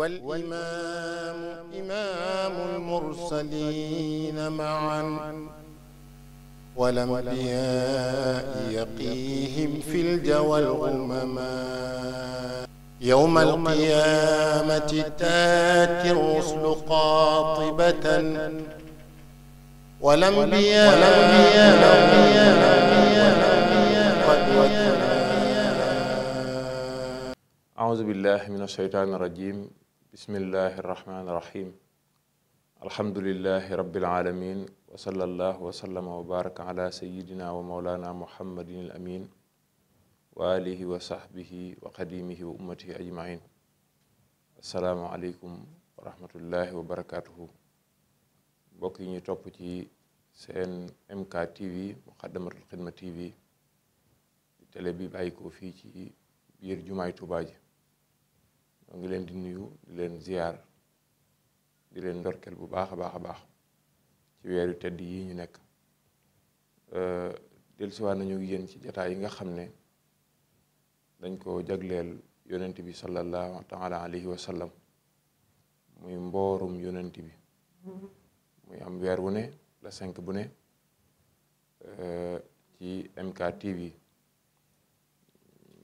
والإمام إمام المرسلين معا والأنبياء يقيهم في الجوى الغمما يوم القيامة تاتي الرسل قاطبة والأنبياء قد وكلا أعوذ بالله من الشيطان الرجيم bismillahi irrahmani irrahim alhamdulilahi rabilalamin wasala allahu wasallama wa baraka ala sayidina wa maulana muhammadin al amin wa alihi wa sahbihi wa qadimihi wa ummatihi ajmain assalaamu aleykum wa rahmatullahi wa barakatuhu mbokk yi ñu topp ci seen mk tv muqaddamatul xidma tv télé bi bàyyi ko fii ci biir jumaay Tuubaa ji ñoo ngi leen di nuyu di leen ziar di leen ndorkeel bu baax a baax a baax ci weeru tedd yi ñu nekk euh, dellusiwaat nañu yéen ci jataay yi nga xam ne dañ ko jagleel yonent bi sallallahu taala alayhi wa muy mboorum yonent bi muy am weer bu ne la cinq bu ne euh, ci MK TV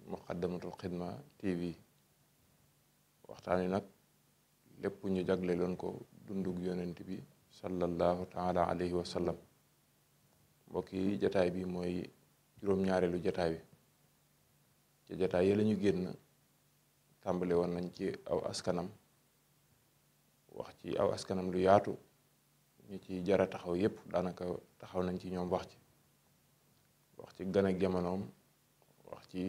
muqaddamatul xidma TV waxtaan wi nag lépp ñu jagleeloon ko dundug yonent bi sallallahu taala alayhi wa sallam mbokk yi jataay bi mooy juróom-ñaareelu jataay bi ci jataay yi lañu ñu génn tàmbale woon nañ ci aw askanam wax ci aw askanam lu yaatu ñu ci jara taxaw yépp daanaka taxaw nañ ci ñoom wax ci wax ci gën a wax ci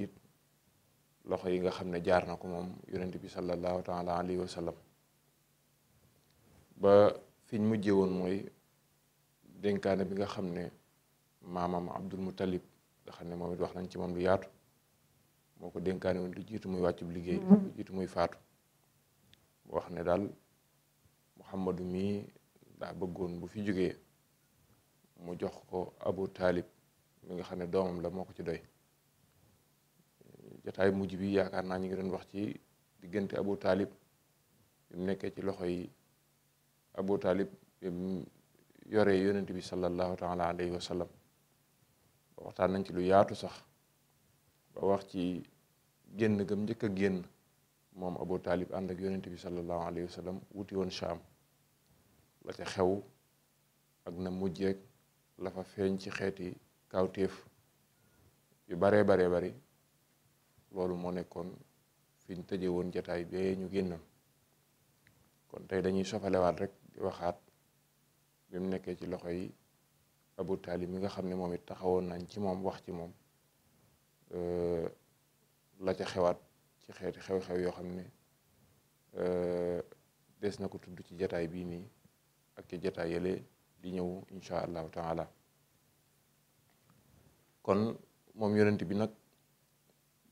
loxo yi nga xam ne jaar na ko moom yonent bi sallallahu taala alayhi wa sallam ba fiñ mujjee woon mooy dénkaane bi nga xam ne maamam Abdul Muttalib nga xam ne moom it wax nañ ci moom lu yaatu moo ko dénkaane woon lu jiitu muy wàcc bu liggéey lu jiitu muy faatu wax ne daal Muhammadu mii daa bëggoon bu fi jógee mu jox ko Abu Taalib mi nga xam ne doomam la moo ko ci doy jotaay mujj bi yaakaar naa ñu ngi doon wax ci diggante Abu Talib bi nekkee ci loxo yi Abu Talib bi mu yoree yonent bi sallallahu taala alayhi wa sallam waxtaan nañ ci lu yaatu sax ba wax ci génn gam njëkk a génn moom Abu Talib ànd ak yonent bi sallallahu alayhi wa wuti woon Shaam la ca xew ak na mujjeeg la fa feeñ ci xeeti kawtéef yu baree bare bari loolu moo nekkoon fi ñu tëjee woon jataay bee ñu génnoon kon tey dañuy sofalewaat rek di waxaat bi mu nekkee ci loxo yi Abu Taalib mi nga xam ne moom it taxawoon nañ ci moom wax ci moom euh, la ca xewaat ci xeeti xew-xew yoo xam ne euh, des na ko tudd ci jataay bii nii ak ci jataay yele di ñëw insha allahu taala kon moom yonent bi nag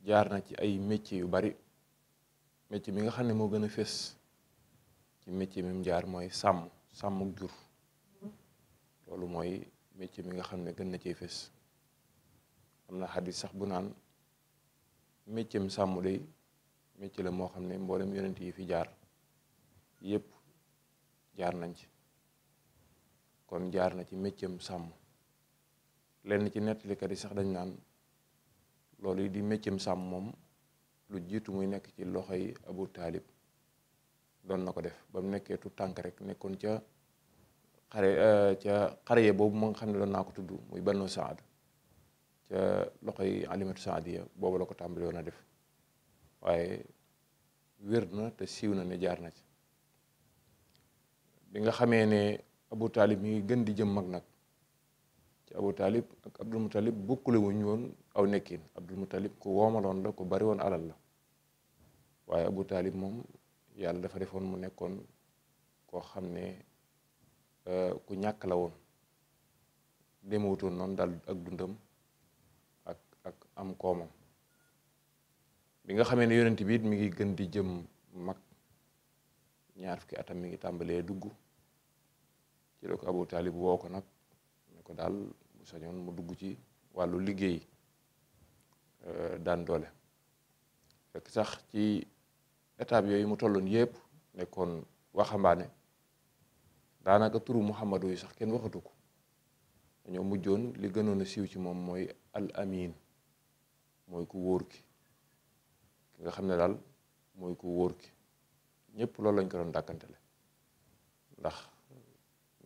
jaar na ci ay métier yu bari métier mi nga xam ne moo gën a fés ci métier mi mu jaar mooy sàmm sàmmuk jur loolu mooy métier mi nga xam ne gën na ci fés xam na xadis sax bu naan métier mu sàmm day métier la moo xam ne mboolem yonent yi fi jaar yépp jaar nañ ci kon jaar na ci métier sàmm lenn ci nettalikat yi sax dañ naan loolu yi di méccam sàmm moom lu jiitu muy nekk ci loxoy abu taalib doon na ko def ba mu nekkee tu tànk rek nekkoon ca xare euh, ca ya boobu mu nga xam ne doon naa ko tudd muy banu saad ca loxoy alimatu saadiya boobu la ko tàmbali a def waaye wér na te siiw na ne jaar na ci bi nga xamee ne abu taalib mi ngi gën di jëm mag nag Abu Talib ak Abdul Muttalib bokkule wuñ woon aw nekkiin Abdul Muttalib ku woomaloon la ku bari woon alal la waaye Abu Talib moom yàlla dafa defoon mu nekkoon koo xam ne euh, ku ñàkk la woon demewutoon noonu daal ak dundam ak ak am koomam bi nga xamee ne yonent bi mi ngi gën di jëm mag ñaar fukki atam mi ngi tàmbalee dugg ci la Abu Talib woo ko nag ko daal sañoon mu dugg ci wàllu liggéey euh, daan doole fekk sax ci étape yooyu mu tolloon yépp nekkoon waxambaane daanaka turu Muhammadu yi sax kenn waxatu ko dañoo mujjoon li gënoon a siiw ci moom mooy al amin mooy ku wóor ki ki nga xam ne daal mooy ku wóor ki ñépp loolu lañ ko doon dàkkantele ndax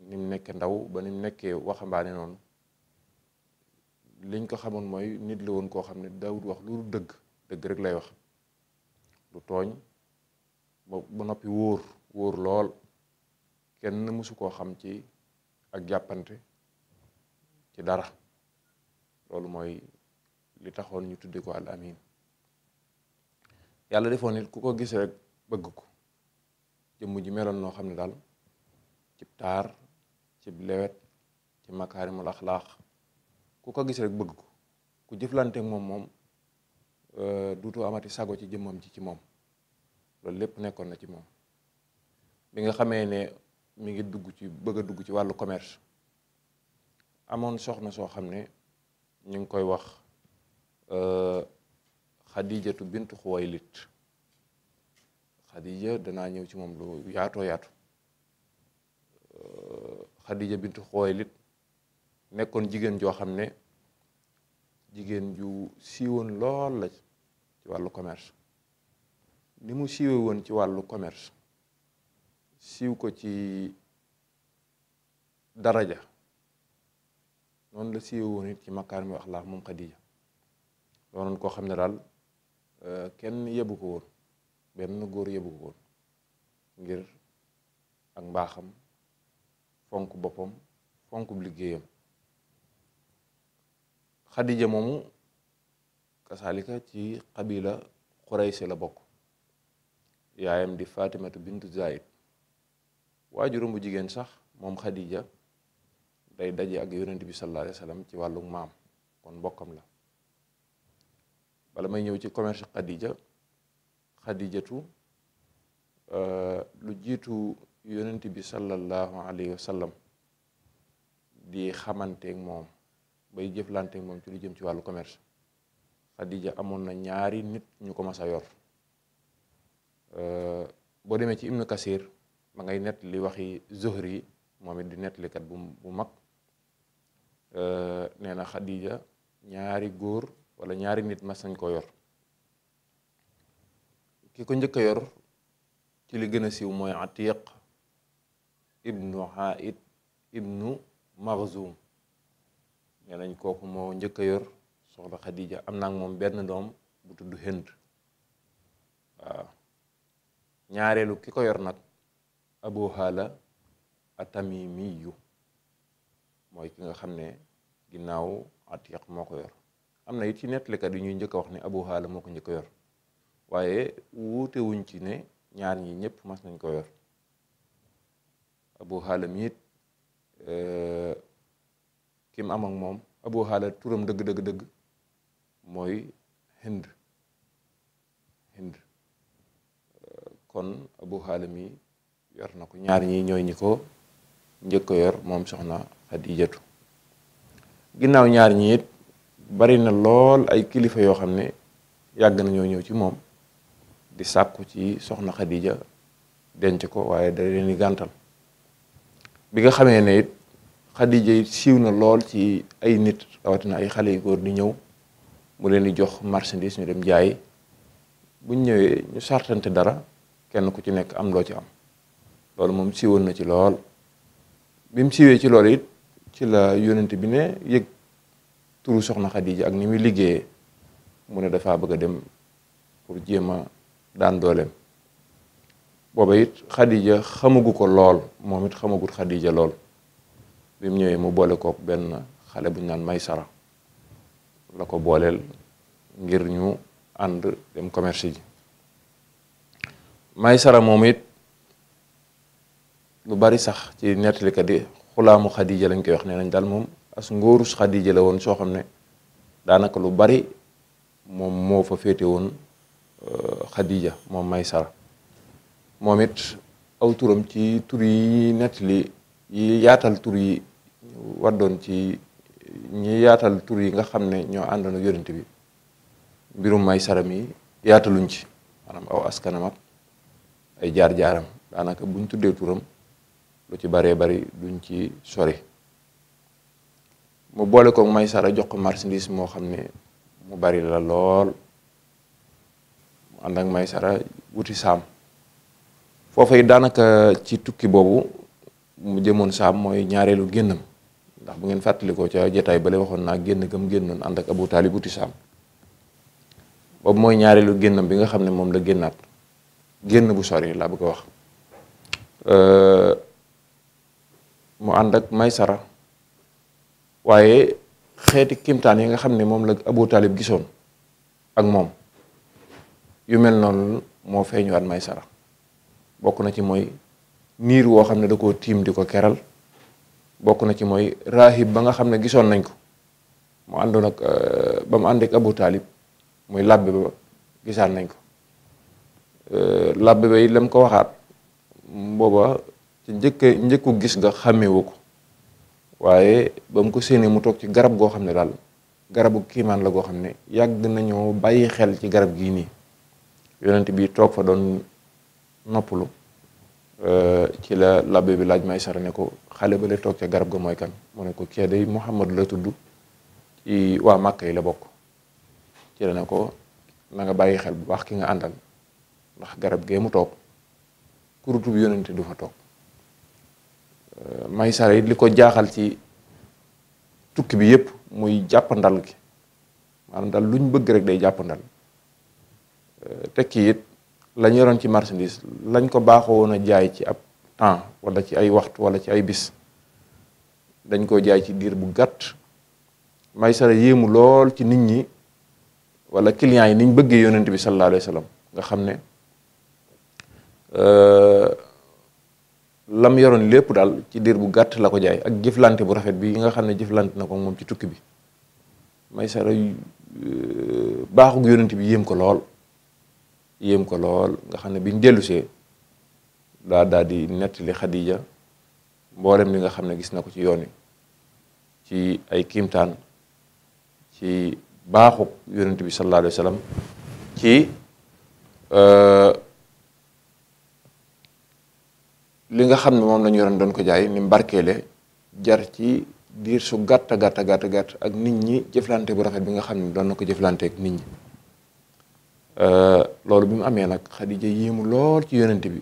ni mu nekkee ndaw ba ni nekkee waxambaane noonu liñ ko xamoon mooy nit la woon koo xam ne daawut wax lu dëgg dëgg rek lay wax lu tooñ ba noppi wóor wóor lool kenn mësu koo xam ci ak jàppante ci dara loolu mooy li taxoon ñu tudde ko al yàlla defoon nit ku ko gisee rek bëgg ko jëmm ji meloon noo xam ne daal cib taar cib lewet ci makaarimul axlaax ku ko gis rek bëgg ko ku jëflante moom moom euh, duutoo amati sago ci jëmmam ji ci moom loolu lépp nekkoon na ci moom bi nga xamee ne mi ngi dugg ci bëgg a dugg ci wàllu commerce amoon soxna soo xam ne ñu ngi koy wax euh, xadijatu bintu xuwaylit xadija danaa ñëw ci moom lu yaatoo yaatu euh, xadija bintu xuwaylit nekkoon jigéen joo xam ne jigéen ju siiwoon lool la ci wàllu commerce ni mu siiwe woon ci wàllu commerce siiw ko ci daraja noonu la siiwe woon it ci makkaar mi wax laa moom Xadija doonoon koo xam ne daal euh, kenn yebu ko woon benn góor yebu ko woon ngir ak mbaaxam fonk boppam fonk liggéeyam xadija moomu kasalika ci xabila xuraysi la bokk yaayam di fatimatu bint zaid waajuram bu jigéen sax moom xadija day daje ak yonent bi sallallahu alayhi ci wàllu maam kon mbokkam la bala may ñëw ci commerce xadija xadijatu euh, lu jiitu yonent bi sallallahu alayhi wa sallam di xamanteeg moom bay jëflante moom ci lu jëm ci wàllu commerce Xadija amoon na ñaari nit ñu ko masa a yor euh, boo demee ci Ibnu Kasir ma ngay nett li waxi Zuhri moom it di nettalikat bu bu mag euh, nee na Xadija ñaari góor wala ñaari nit mas nañ koo yor ki ko njëkk a yor ci li gën a siiw mooy Atiq ibnu Haid ibnu Makhzum nee nañ kooku moo njëkk a yor soxna Khadija am naa moom benn doom bu tudd Hind waaw ki ko yor nag Abu Haala Atamimiyu mooy ki nga xam ne ginnaaw Atiq moo ko yor am na it ci nettalikat yi ñuy njëkk a wax ne Abu Haala moo ko yor waaye wuute ci ne ñaar ñi ñëpp mas nañ ko yor Abu mi it eh, ki mu moom abu xaala turam dëgg dëgg dëgg mooy hind hind kon abu xaala mi yor na ko ñaar ñi ñooy ñi ko njëkk yor moom soxna xadijatu ginnaaw ñaar ñi it bari na lool ay kilifa yoo xam ne yàgg nañoo ñëw ci moom di sàkku ci soxna xadija denc ko waaye da leen di gàntal bi nga xamee ne it Khadija it siiw na lool ci ay nit rawatina ay xale yu góor di ñëw mu leen di jox marchandise ñu dem jaay buñ ñëwee ñu sartante dara kenn ku ci nekk am loo ci am loolu moom siiwoon na ci lool bi mu siiwee ci loolu it ci la yónnent bi ne yëg turu soxna Khadija ak ni muy liggéeyee mu ne dafa bëgg a dem pour jéem a daan dooleem booba it Khadija xamagu ko lool moom it xamagut xadija lool bi mu ñëwee mu boole kook benn xale bu ñu naan sara la ko booleel ngir ñu ànd dem commerce ji Maysara moom it lu bari sax ci nettalikat yi xulaamu Xadija lañ koy wax nee nañ daal moom as ngóorus Xadija la woon soo xam ne daanaka lu bari moom moo fa féete woon euh, Xadija moom Maysara moom it aw turam ci tur yi nettali yi yaatal tur yi waddoon ci ñi yaatal tur yi nga xam ne ñoo àndoon ak yonent bi mbirum may saram yi yaataluñ ci maanaam aw askanam ay jaar-jaaram daanaka buñ tuddee turam lu ci baree bari duñ ci sori mu boole ko may sara jox ko marchandise moo xam ne mu bari la lool mu àndak ak may sara wuti saam foofa yi daanaka ci tukki boobu mu jëmoon saam mooy ñaareelu génnam ndax bu ngeen fàttalikoo ca jotaay bale waxoon naa génn gam génnoon ànd ak Abu Taalib uti saam boobu mooy ñaareelu génnam bi nga xam ne moom la génnaat génn bu sori laa bëgg a wax mu ànd ak Maysara waaye xeeti kimtaan yi nga xam ne moom la Abu Taalib gisoon ak moom yu mel noonu moo feeñuwaat Maysara bokk na ci mooy niir woo xam ne da ko tiim di ko keral bokk na ci mooy raahib ba nga xam ne gisoon nañ ko mu àndoon ak euh, ba mu àndeek ak Abu Taalib muy labbe ba gisaan nañ ko euh, labbe ba yi lam ko waxaat booba ci njëkk njëkku gis nga xàmmewu ko waaye ba mu ko séenee mu toog ci garab goo xam ne daal garabu kiimaan la goo xam ne yàgg nañoo bàyyi xel ci garab gii nii yonent bi toog fa doon noppalu Euh, ci la labe bi laaj may sara ne ko xale ba la toog ca garab ga mooy kan mu ne ko kee day Muhammad la tuddu ci waa Màkka yi la bokk ci la ne ko na nga bàyyi xel bu baax ki nga àndal ndax garab gee mu toog kurutub yónente du fa toog euh, may sara it li ko jaaxal ci tukki bi yépp muy jàppandal gi maanaam daal luñ bëgg rek day jàppandal euh, tekki it lañ ñu ci marchandise lañ ko baaxoo woon a jaay ci ab temps wala ci ay waxtu wala ci ay bis dañ koo jaay ci diir bu gàtt Maysara yéemu lool ci nit ñi wala clients yi niñ bëggee yonent bi sallallahu alayhi wa nga xam ne euh, lam yoroon lépp daal ci diir bu gàtt la ko jaay ak jëflante bu rafet bi nga xam ne jëflante na ko moom ci tukki bi Maysara euh, baaxug yonent bi yéem ko lool yéem ko lool nga xam ne bi ñu dellusee daa daal di nettali Xadija mboolem li nga xam ne gis na ko ci yoon wi ci ay kiimtaan ci baaxu yonent bi sallallahu alayhi wa sallam ci euh, li nga xam ne moom la ñu doon ko jaay ni mu jar ci diir su gàtta gàtta gàtta gàtt ak nit ñi jëflante bu rafet bi nga xam ne doon na ko jëflante nit ñi Euh, loolu bi mu amee nag Xadija yéemu lool ci yonent bi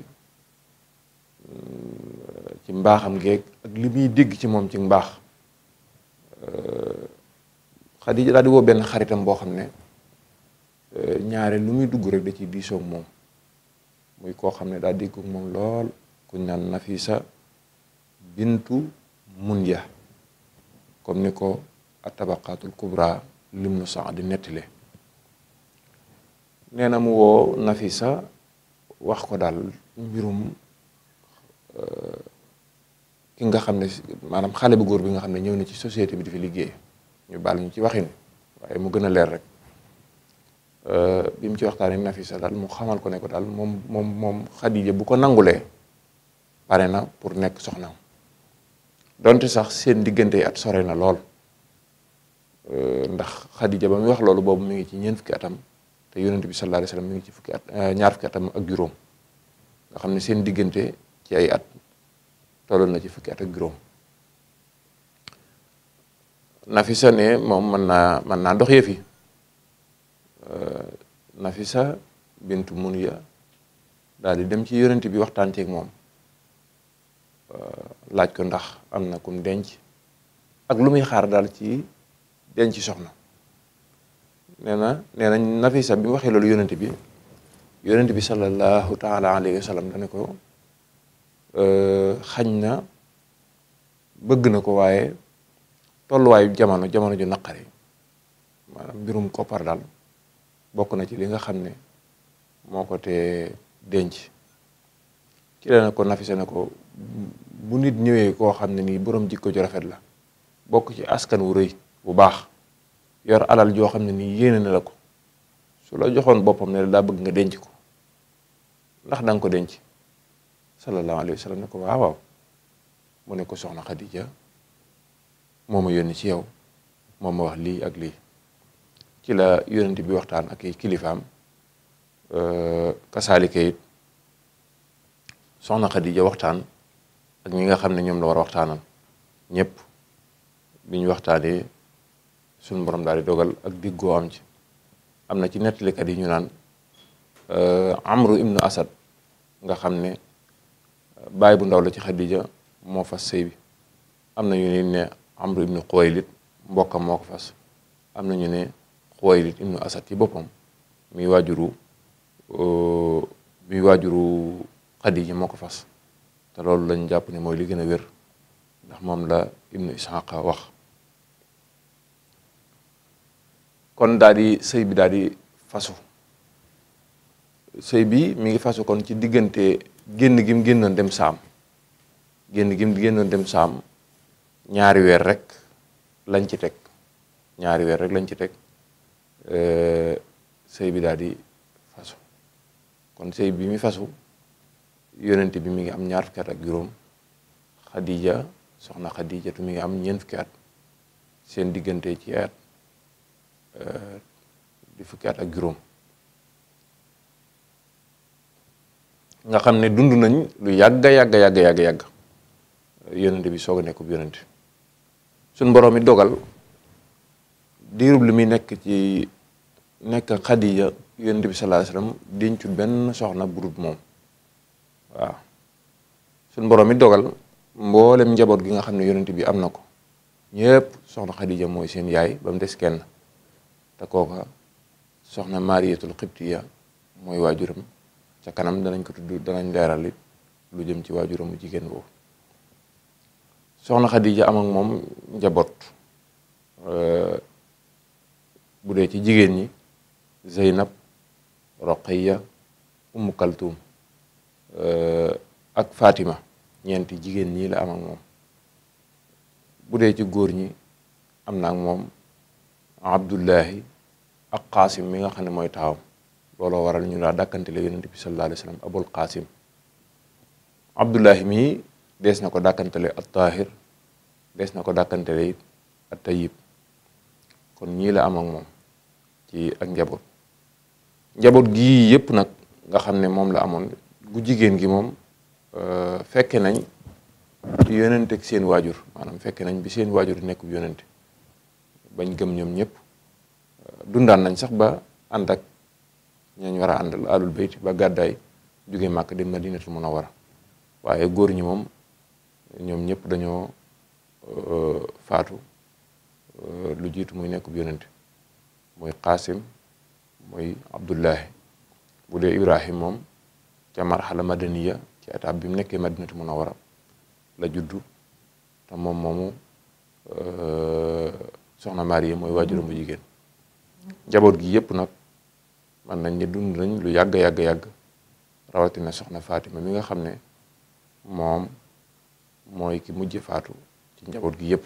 euh, ci mbaaxam geeg ak li muy dégg ci moom ci mbaax euh, Xadija daal di benn xaritam boo xam ne ñaare lu muy dugg rek da ciy diisoog moom muy koo xam ne daal déggoog moom lool kuñ naan Nafisa bintu Munya comme ni ko atabaqaatul kubra lim nu sax di nettile nee na mu woo Nafisa wax ko daal mbirum euh, ki nga xam ne si maanaam xale bu góor bi nga xam ne ñëw na ci societé bi di fi liggéey ñu baal ñu ci waxin waaye mu gën a leer rek euh, bi mu ci waxtaanee Nafisa daal mu xamal ko ne ko daal moom moom moom Xadija bu ko nangulee pare na pour nekk soxna donte sax seen diggante yi at sore na lool euh, ndax Xadija ba muy wax loolu boobu mu ngi ci ñeent fukki atam. te bi sallallahu alayhi wasallam mi ngi ci fukki at eh, ñaar fukki ak juróom nga xam ne seen diggante ci ay at tolloon na ci fukki at ak juróom Nafisa ne moom mën naa mën naa dox yëf fi eh, Nafisa bintu Munya daal di dem ci yonent bi waxtaan ceeg moom eh, laaj ko ndax am na kum denc ak lu muy xaar daal ci denc soxna nee na nee na Nafisa bi waxee loolu yonent bi yonent bi sallallahu taala alayhi wa sallam dane ko euh, xañ na bëgg na ko waaye tolluwaayu jamono jamono ju naqari maanaam mbirum koppar daal bokk na ci li nga xam ne moo ko tee denc ci la ko Nafisa na ko bu nit ñëwee koo xam ne nii boroom jikko ju rafet la bokk ci askan wu rëy bu baax yor alal joo xam ne nii yéene na la ko su la joxoon boppam ne daa bëgg nga denc ko ndax danga ko denc sallallahu alayhi wa sallam ne ko waaw waaw mu ne ko soxna Khadija moo ma yónni ci yow moo ma wax lii ak lii ci la yónnent bi waxtaan ak kilifaam euh, kasaalika it soxna Khadija waxtaan ak ñi nga xam ne ñoom la war a waxtaanal ñëpp bi waxtaanee. suñu borom daal di dogal ak diggoo am ci am na ci nettalikat yi ñu naan euh, amru ibnu asad nga xam ne euh, bay bu ndaw la ci xadija moo fas sëy bi am na ñu ne ne amru ibnu xuwaylit mbokkam moo ko fas am na ñu ne xuwaylit ibnu asad ci boppam muy waajuru euh, muy waajuru xadija moo ko fas te loolu lañ jàpp ne mooy li gën a wér ndax moom la ibnu ishaqa wax kon daal di sëy bi daal di fasu sëy bi mi ngi fasu kon ci diggante génn gim génnoon dem saam génn gim génnoon dem saam ñaari weer rek lañ ci teg ñaari weer rek lañ ci teg euh, sëy bi daal di fasu kon sëy bi mi fasu yonent bi mi ngi am ñaar fukki at ak juróom Khadija soxna Khadijatu mi ngi am ñeent fukki seen diggante ci at Euh, di fukki at ak juróom nga xam ne dund nañ lu yàgga yàgga yàgga yàgga yàgg yonente bi soog a nekkub yonente suñ boroom it dogal diirub lu muy nekk ci nekk xadiija yonente bi sallallahu alayhi wasallam dencut benn soxna bu dul moom waaw suñ boroom it dogal mboolem njaboot gi nga xam ne yonente bi am na ko ñëpp soxna xadiija mooy seen yaay ba mu des kenn te kooka soxna Maariyatul Xibtiya mooy waajuram ca kanam danañ ko tudd danañ leeral it lu jëm ci waajuramu jigéen boobu soxna Xadija am moom njaboot bu dee ci jigéen ñi Zeynab Roqeya Umu Kaltuum ak Fatima ñeenti jigéen ñi la am moom bu dee ci góor ñi am na ak moom abdullahi ak xaasim mi nga xam ne mooy taawam looloo waral ñu daa dàkkantele yonent bi sallallahu alayhi wa sallam abul xaasim abdullahi mi des na ko dàkkantele at tahir des na ko dàkkantele it at tayyib kon ñii la am ak moom ci ak njaboot njaboot gii yëpp nag nga xam ne moom la amoon gu jigéen gi moom euh, fekke nañ ci yonent ak seen waajur maanaam fekke nañ bi seen waajur nekk yonent bañ gëm ñoom ñëpp euh, dundaan nañ sax ba ànd ak ñañ war a àndal alul ba gàddaay jóge màkk dem Madinatul Munawwara waaye góor ñi moom ñoom ñëpp dañoo euh, faatu euh, lu jiitu muy nekk bu yonent mooy Qaasim mooy Abdullahi bu dee Ibrahim moom ca marxala madaniya ci étape bi mu nekkee Madinatul Munawwara la juddu te moom soxna Marie mooy waajuram bu jigéen njaboot gi yépp nag man nañ ne dund nañ lu yàgg yàgg yàgg rawatina soxna Fatima mi nga xam ne moom mooy ki mujj faatu ci njaboot gi yépp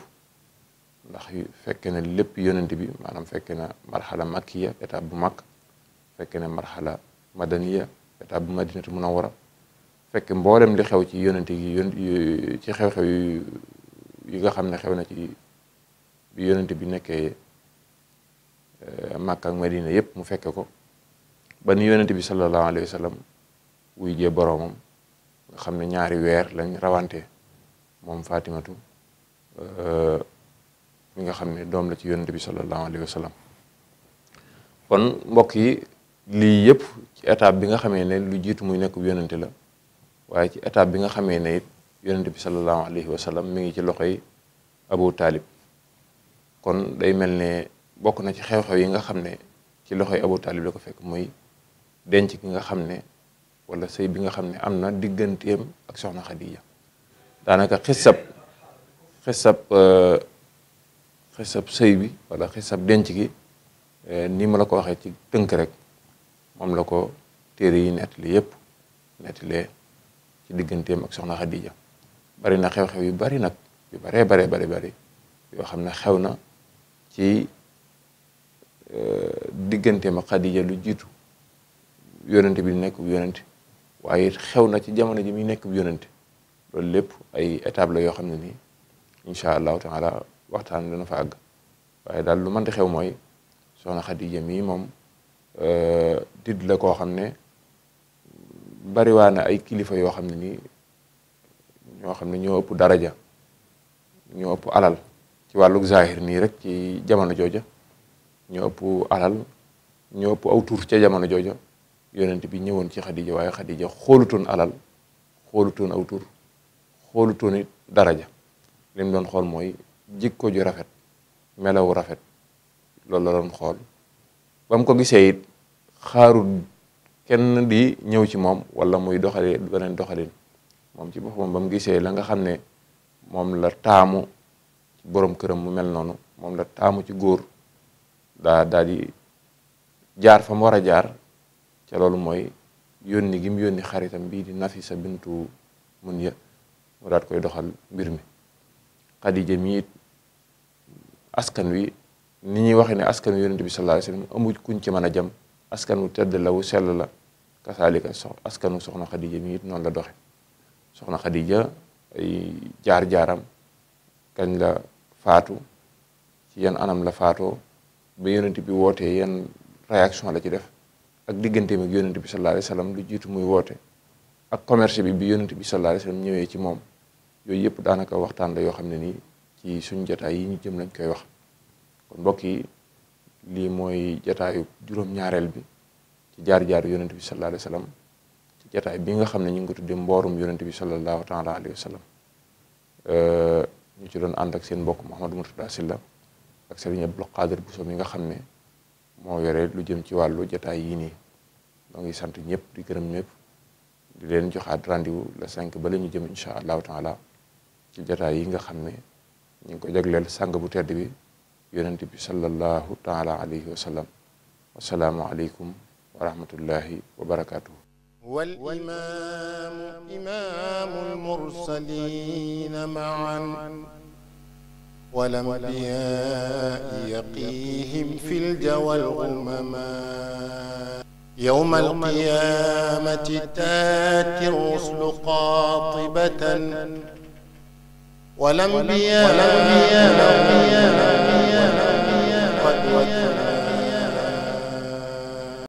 ndax fekke na lépp yonent bi maanaam fekke na marxala makkiya étape bu mag fekke na marxala madaniya étape bu madinatu munawwara fekke mboolem li xew ci yonent yi ci xew-xew yi nga xam ne xew na ci bi bi nekkee euh, Makka ak Madina yëpp mu fekke ko ba ni yonent bi sallallahu alayhi wa sallam wuy jee boroomam nga xam ne ñaari weer lañ rawante moom Fatimatu euh, mi nga xam ne doom la ci yonent bi sallallahu alayhi wa sallam kon mbokk yi lii yëpp ci étape bi nga xamee ne lu jiitu muy nekk yonent la waaye ci étape bi nga xamee ne it yonent bi sallallahu alayhi wa sallam mi ngi ci loxoy Abu taalib kon day mel ne bokk na ci xew-xew yi nga xam ne ci loxoy Abu Taalib la ko fekk muy denc gi nga xam ne wala sëy bi nga xam ne am na digganteem ak soxna Xadija daanaka xisab xisab euh, xisab sëy bi wala xisab denc gi euh, ni ma la ko waxee ci tënk rek moom la ko téere yi nettali yépp nettalee ci digganteem ak soxna Xadija bari na xew-xew yu bari nag yu baree bare bari bari yoo xam ne xew na ci euh, diggante ma Xadija lu jiitu yonent bi nekk bu yonent waaye xew na ci jamono ji muy nekk bu yonent loolu lépp ay étable la yoo xam ne nii incha allah taala waxtaan dana fa àgg waaye daal lu mënti xew mooy soxna Xadija mii moom euh, tidd la koo xam ne bariwaa na ay kilifa yoo xam ne ni ñoo xam ne ñoo ëpp daraja ñoo ëpp alal ci wàllug zahir nii rek ci jamono jooja ñoo ëpp alal ñoo ëpp aw ca jamono jooja yonent bi ñëwoon ci Xadija waaye Xadija xoolutoon alal xoolu aw tur xoolu it daraja li mu doon xool mooy jikko ju rafet melawu rafet loolu la doon xool ba ko gisee it xaaru kenn di ñëw ci moom wala mooy doxalee beneen doxalin moom ci boppam ba mu gisee la nga xam ne moom la taamu boroom këram mu mel noonu moom la taamu ci góor daa daa di jaar fa mu war a jaar ca loolu mooy yónni gi mu yónni xaritam bii di sa bintu Munya mu daat koy doxal mbir mi Xadija mi it askan wi ni ñuy waxe ne askan wi yonent bi sallallahu alayhi ci mën a jam askan wu la wu sell la kasaalika sox askanu soxna Xadija mi it noonu la doxe soxna Xadija ay jaar-jaaram kañ la faatu ci yan anam la faato ba yonent bi woote yan réaction la ci def ak diggante ak yonent bi sallallahu alayhi lu jiitu muy woote ak commerce bi bi yonent bi sallallahu alayhi ñëwee ci moom yooyu yëpp daanaka waxtaan la yoo xam ne nii ci suñ jataay yi ñu jëm lañ koy wax kon mbokk yi lii mooy jataayu juróom-ñaareel bi ci jaar-jaar yonent bi sallallahu alayhi wa sallam ci jataay bi nga xam ne ñu ngi ko tuddee mboorum yonent bi sallallahu taala alayhi wa ñu ci doon ànd ak seen mbokk Mouhamadou Mourtada Sylla ak Serigne Abdou Khadre Bousso nga xam ne moo yore lu jëm ci wàllu jotaay yii nii ñoo ngi sant ñëpp di gërëm ñëpp di leen joxaat rendez-vous le 5 ba ñu jëm incha allahu taala ci yi nga xam ne ñu ngi ko jagleel sàng bu tedd bi yonent bi sallallahu taala alayhi wa sallam wasalaamu aleykum wa rahmatullahi wa barakatuhu wal imaamu imaamul mursaliin ma'an والأنبياء يقيهم في الجوى الغمما يوم القيامة تاتي الرسل قاطبة والأنبياء